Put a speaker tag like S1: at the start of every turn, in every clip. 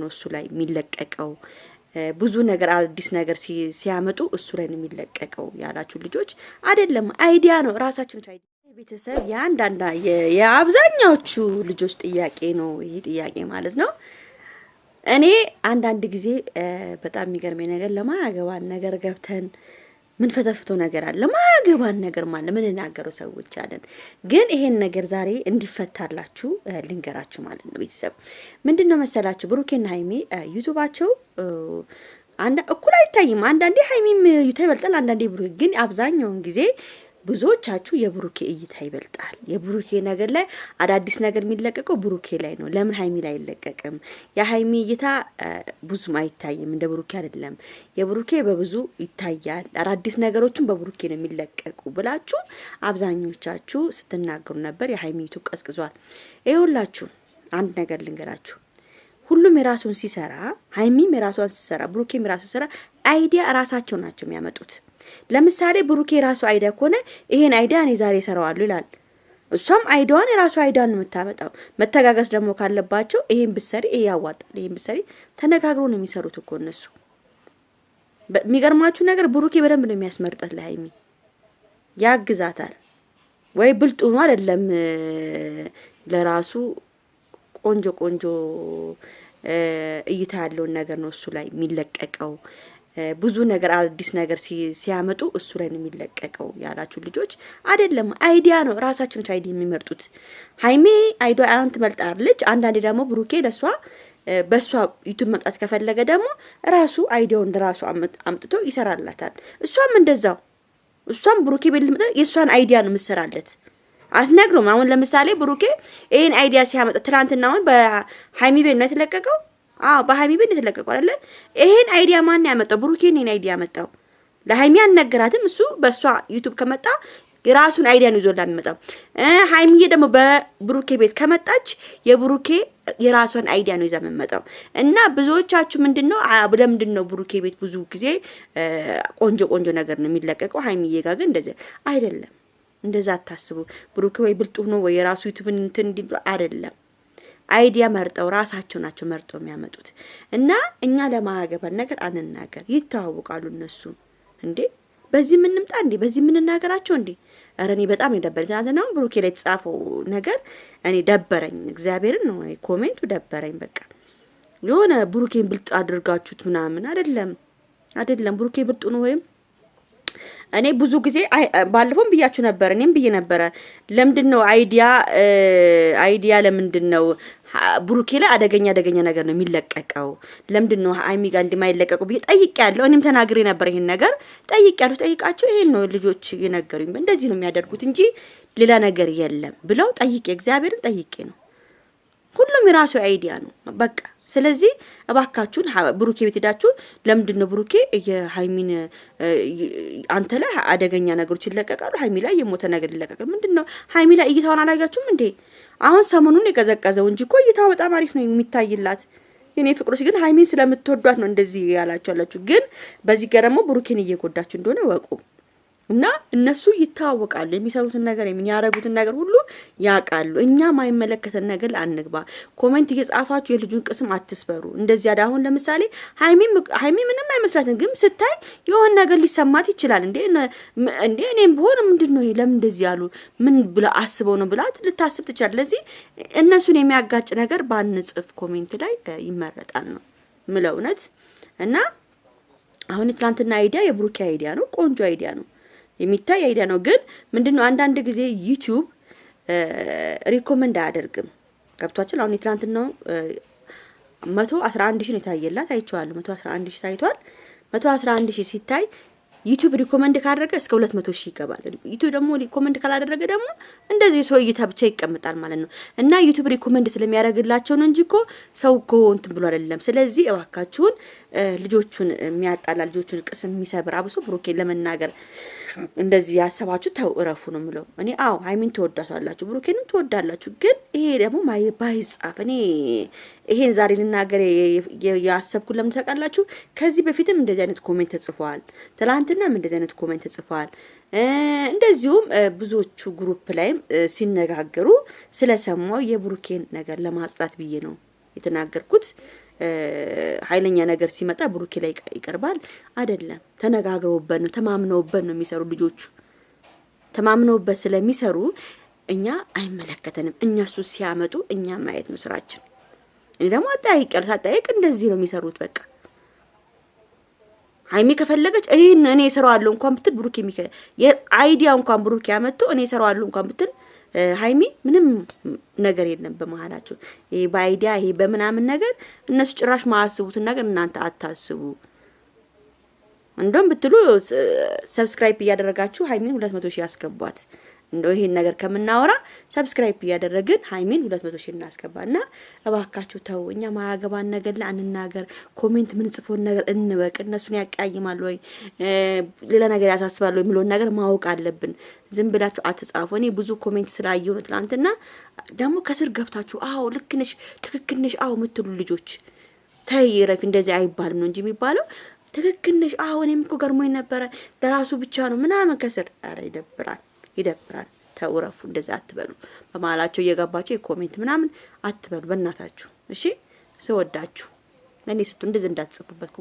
S1: ነው እሱ ላይ የሚለቀቀው። ብዙ ነገር አዲስ ነገር ሲያመጡ እሱ ላይ ነው የሚለቀቀው ያላችሁ ልጆች፣ አይደለም አይዲያ ነው ራሳችን ቤተሰብ የአንዳንዳ የአብዛኛዎቹ ልጆች ጥያቄ ነው ይሄ ጥያቄ ማለት ነው። እኔ አንዳንድ ጊዜ በጣም የሚገርመኝ ነገር ለማያገባን ነገር ገብተን ምን ፈተፍቶ ነገር አለ ማገባን ነገር ማለ ምን እናገረው ሰዎች አለን። ግን ይሄን ነገር ዛሬ እንዲፈታላችሁ ልንገራችሁ ማለት ነው። ቤተሰብ ምንድን ነው መሰላችሁ ብሩኬና ሀይሜ ዩቱባቸው እኩል አይታይም። አንዳንዴ ሀይሜም ዩቱብ ይበልጣል፣ አንዳንዴ ብሩኬ ግን አብዛኛውን ጊዜ ብዙዎቻችሁ የብሩኬ እይታ ይበልጣል። የብሩኬ ነገር ላይ አዳዲስ ነገር የሚለቀቀው ብሩኬ ላይ ነው። ለምን ሀይሚ ላይ አይለቀቅም? የሀይሚ እይታ ብዙም አይታይም፣ እንደ ብሩኬ አይደለም። የብሩኬ በብዙ ይታያል፣ አዳዲስ ነገሮችን በብሩኬ ነው የሚለቀቁ ብላችሁ አብዛኞቻችሁ ስትናገሩ ነበር። የሀይሚ ዩቱብ ቀዝቅዟል። ይኸውላችሁ አንድ ነገር ልንገራችሁ። ሁሉም የራሱን ሲሰራ ሀይሚም የራሷን ሲሰራ ብሩኬም የራሱን ሲሰራ አይዲያ እራሳቸው ናቸው የሚያመጡት። ለምሳሌ ብሩኬ የራሱ አይዲያ ከሆነ ይሄን አይዲያ እኔ ዛሬ እሰራዋለሁ ይላል። እሷም አይዲዋን የራሱ አይዲያን የምታመጣው። መተጋገዝ ደግሞ ካለባቸው ይሄን ብሰሪ ይሄ ያዋጣል፣ ይሄን ብሰሪ ተነጋግሮ ነው የሚሰሩት እኮ እነሱ። የሚገርማችሁ ነገር ብሩኬ በደንብ ነው የሚያስመርጠት ለሀይሚ ያግዛታል። ወይ ብልጥ ሆኖ አይደለም ለራሱ ቆንጆ ቆንጆ እይታ ያለውን ነገር ነው እሱ ላይ የሚለቀቀው። ብዙ ነገር አዲስ ነገር ሲያመጡ እሱ ላይ ነው የሚለቀቀው ያላችሁ ልጆች፣ አይደለም አይዲያ ነው። ራሳችን ናቸው አይዲያ የሚመርጡት። ሀይሜ አይዲያ አሁን ትመርጣለች። አንዳንዴ ደግሞ ብሩኬ ለእሷ በእሷ ዩቱብ መምጣት ከፈለገ ደግሞ ራሱ አይዲያውን ራሱ አምጥቶ ይሰራላታል። እሷም እንደዛው እሷም ብሩኬ ቤት ልትመጣ የእሷን አይዲያ ነው የምትሰራለት። አትነግሩም። አሁን ለምሳሌ ብሩኬ ይህን አይዲያ ሲያመጣ ትናንትና አሁን በሀይሚ ቤት ነው የተለቀቀው አዎ በሀይሚ ቤት የተለቀቀው አይደለ? ይሄን አይዲያ ማን ያመጣው? ብሩኬ ነው አይዲያ ያመጣው። ለሀይሚ አልነገራትም። እሱ በእሷ ዩቱብ ከመጣ የራሱን አይዲያ ነው ይዞላ የሚመጣው። ሀይሚዬ ደግሞ በብሩኬ ቤት ከመጣች የብሩኬ የራሷን አይዲያ ነው ይዛ የምመጣው እና ብዙዎቻችሁ ምንድን ነው ለምንድን ነው ብሩኬ ቤት ብዙ ጊዜ ቆንጆ ቆንጆ ነገር ነው የሚለቀቀው፣ ሀይሚዬ ጋር ግን እንደዚህ አይደለም። እንደዛ አታስቡ። ብሩኬ ወይ ብልጡ ነው ወይ የራሱ ዩቱብን እንትን አይደለም አይዲያ መርጠው ራሳቸው ናቸው መርጠው የሚያመጡት እና እኛ ለማያገባን ነገር አንናገር። ይተዋወቃሉ እነሱ እንዴ በዚህ የምንምጣ እንዴ በዚህ የምንናገራቸው እንዴ ኧረ እኔ በጣም የደበረኝ ትናንትና ብሩኬ ላይ የተጻፈው ነገር እኔ ደበረኝ። እግዚአብሔርን ነው ኮሜንቱ ደበረኝ። በቃ የሆነ ብሩኬን ብልጥ አድርጋችሁት ምናምን አይደለም አይደለም። ብሩኬ ብልጡ ነው ወይም እኔ ብዙ ጊዜ ባለፈውም ብያችሁ ነበር፣ እኔም ብዬ ነበረ። ለምንድን ነው አይዲያ አይዲያ ለምንድን ነው ብሩኬ ላይ አደገኛ አደገኛ ነገር ነው የሚለቀቀው። ለምንድን ነው ሀይሚ ጋር እንደማይለቀቁ ብዬ ጠይቅ ያለው እኔም ተናግሬ ነበር ይሄን ነገር ጠይቅ ጠይቄያለሁ። ጠይቃቸው ይሄን ነው ልጆች የነገሩኝ፣ እንደዚህ ነው የሚያደርጉት እንጂ ሌላ ነገር የለም ብለው ጠይቄ እግዚአብሔርን ጠይቄ ነው። ሁሉም የራሱ አይዲያ ነው በቃ። ስለዚህ እባካችሁን ብሩኬ ቤት ሄዳችሁ ለምንድን ነው ብሩኬ የሀይሚን አንተ ላይ አደገኛ ነገሮች ይለቀቃሉ፣ ሀይሚ ላይ የሞተ ነገር ይለቀቃል። ምንድን ነው ሀይሚ ላይ እይታውን አላያችሁም እንዴ? አሁን ሰሞኑን የቀዘቀዘው እንጂ እኮ በጣም አሪፍ ነው የሚታይላት። የኔ ፍቅሮች ግን ሀይሜን ስለምትወዷት ነው እንደዚህ ያላችሁ ግን በዚህ ጋር ደግሞ ብሩኬን እየጎዳችሁ እንደሆነ ወቁ። እና እነሱ ይተዋወቃሉ። የሚሰሩትን ነገር የሚያረጉትን ነገር ሁሉ ያውቃሉ። እኛ ማይመለከተን ነገር አንግባ። ኮመንት እየጻፋችሁ የልጁን ቅስም አትስበሩ። እንደዚያ አሁን ለምሳሌ ሀይሚ ምንም አይመስላትም፣ ግን ስታይ የሆን ነገር ሊሰማት ይችላል። እንዴ እኔም ብሆን ምንድን ነው ለምን እንደዚህ ያሉ ምን ብላ አስበው ነው ብላት ልታስብ ትችላል። ለዚህ እነሱን የሚያጋጭ ነገር ባንጽፍ ኮሜንት ላይ ይመረጣል ነው ምለው እውነት እና አሁን የትናንትና አይዲያ የብሩኪ አይዲያ ነው። ቆንጆ አይዲያ ነው። የሚታይ አይዲያ ነው። ግን ምንድነው አንዳንድ ጊዜ ዩቲዩብ ሪኮመንድ አያደርግም። ገብቷችን አሁን የትላንትናው መቶ አስራ አንድ ሺህ ነው የታየላት አይቼዋለሁ። መቶ አስራ አንድ ሺህ ታይቷል። መቶ አስራ አንድ ሺህ ሲታይ ዩቲዩብ ሪኮመንድ ካደረገ እስከ ሁለት መቶ ሺህ ይገባል። ዩቲዩብ ደግሞ ሪኮመንድ ካላደረገ ደግሞ እንደዚህ ሰው እይታ ብቻ ይቀምጣል ማለት ነው። እና ዩቲዩብ ሪኮመንድ ስለሚያደርግላቸው ነው እንጂ እኮ ሰው እኮ እንትን ብሎ አይደለም። ስለዚህ እባካችሁን ልጆቹን የሚያጣላ ልጆቹን ቅስም የሚሰብር አብሶ ብሩኬን ለመናገር እንደዚህ ያሰባችሁ ተው እረፉ ነው የምለው እኔ። አዎ ሀይሚን ትወዳታላችሁ፣ ብሩኬንም ትወዳላችሁ። ግን ይሄ ደግሞ ባይጻፍ እኔ ይሄን ዛሬ ልናገር ያሰብኩን ለምን ታውቃላችሁ? ከዚህ በፊትም እንደዚህ አይነት ኮሜንት ተጽፈዋል። ትላንትናም እንደዚህ አይነት ኮሜንት ተጽፈዋል። እንደዚሁም ብዙዎቹ ግሩፕ ላይም ሲነጋገሩ ስለሰማው የብሩኬን ነገር ለማጽዳት ብዬ ነው የተናገርኩት። ኃይለኛ ነገር ሲመጣ ብሩኬ ላይ ይቀርባል አይደለም። ተነጋግረውበት ነው ተማምነውበት ነው የሚሰሩ ልጆቹ ተማምነውበት ስለሚሰሩ እኛ አይመለከተንም። እኛ እሱ ሲያመጡ እኛ ማየት ነው ስራችን። እኔ ደግሞ አጠያይቅ ያለ ሳጠያይቅ እንደዚህ ነው የሚሰሩት። በቃ ሀይሚ ከፈለገች ይህን እኔ እሰራዋለሁ እንኳን ብትል ብሩኬ አይዲያ እንኳን ብሩኬ ያመጥቶ እኔ እሰራዋለሁ እንኳን ብትል ሀይሚ ምንም ነገር የለም በመሀላችሁ። ይሄ በአይዲያ ይሄ በምናምን ነገር እነሱ ጭራሽ ማያስቡትን ነገር እናንተ አታስቡ። እንደውም ብትሉ ሰብስክራይብ እያደረጋችሁ ሀይሚን ሁለት መቶ ሺህ ያስገቧት። እንደው ይሄን ነገር ከምናወራ ሰብስክራይብ እያደረግን ሀይሚን ሁለት መቶ ሺህ እናስገባና እባካችሁ ተው፣ እኛ ማያገባን ነገር ላይ አንናገር። ኮሜንት ምን ጽፎን ነገር እንበቅ። እነሱን ያቀያይማል ወይ ሌላ ነገር ያሳስባል ወይ የሚለውን ነገር ማወቅ አለብን። ዝም ብላችሁ አትጻፉ። እኔ ብዙ ኮሜንት ስላየሁ ነው ትናንትና። ደግሞ ከስር ገብታችሁ አዎ ልክ ነሽ፣ ትክክል ነሽ፣ አዎ የምትሉ ልጆች ተይ ረፊ፣ እንደዚህ አይባልም ነው እንጂ የሚባለው ትክክል ነሽ፣ አዎ እኔም እኮ ገርሞኝ ነበረ፣ ለራሱ ብቻ ነው ምናምን ከስር። ኧረ ይደብራል። ይደብራል። ተውረፉ። እንደዛ አትበሉ። በመሀላቸው እየገባቸው የኮሜንት ምናምን አትበሉ። በእናታችሁ እሺ። ስወዳችሁ እኔ ስቱ እንደዚህ እንዳትጽፉበት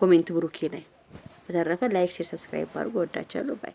S1: ኮሜንት ብሩኬ ላይ። በተረፈ ላይክ፣ ሼር፣ ሰብስክራይብ አድርጉ። እወዳችኋለሁ። ባይ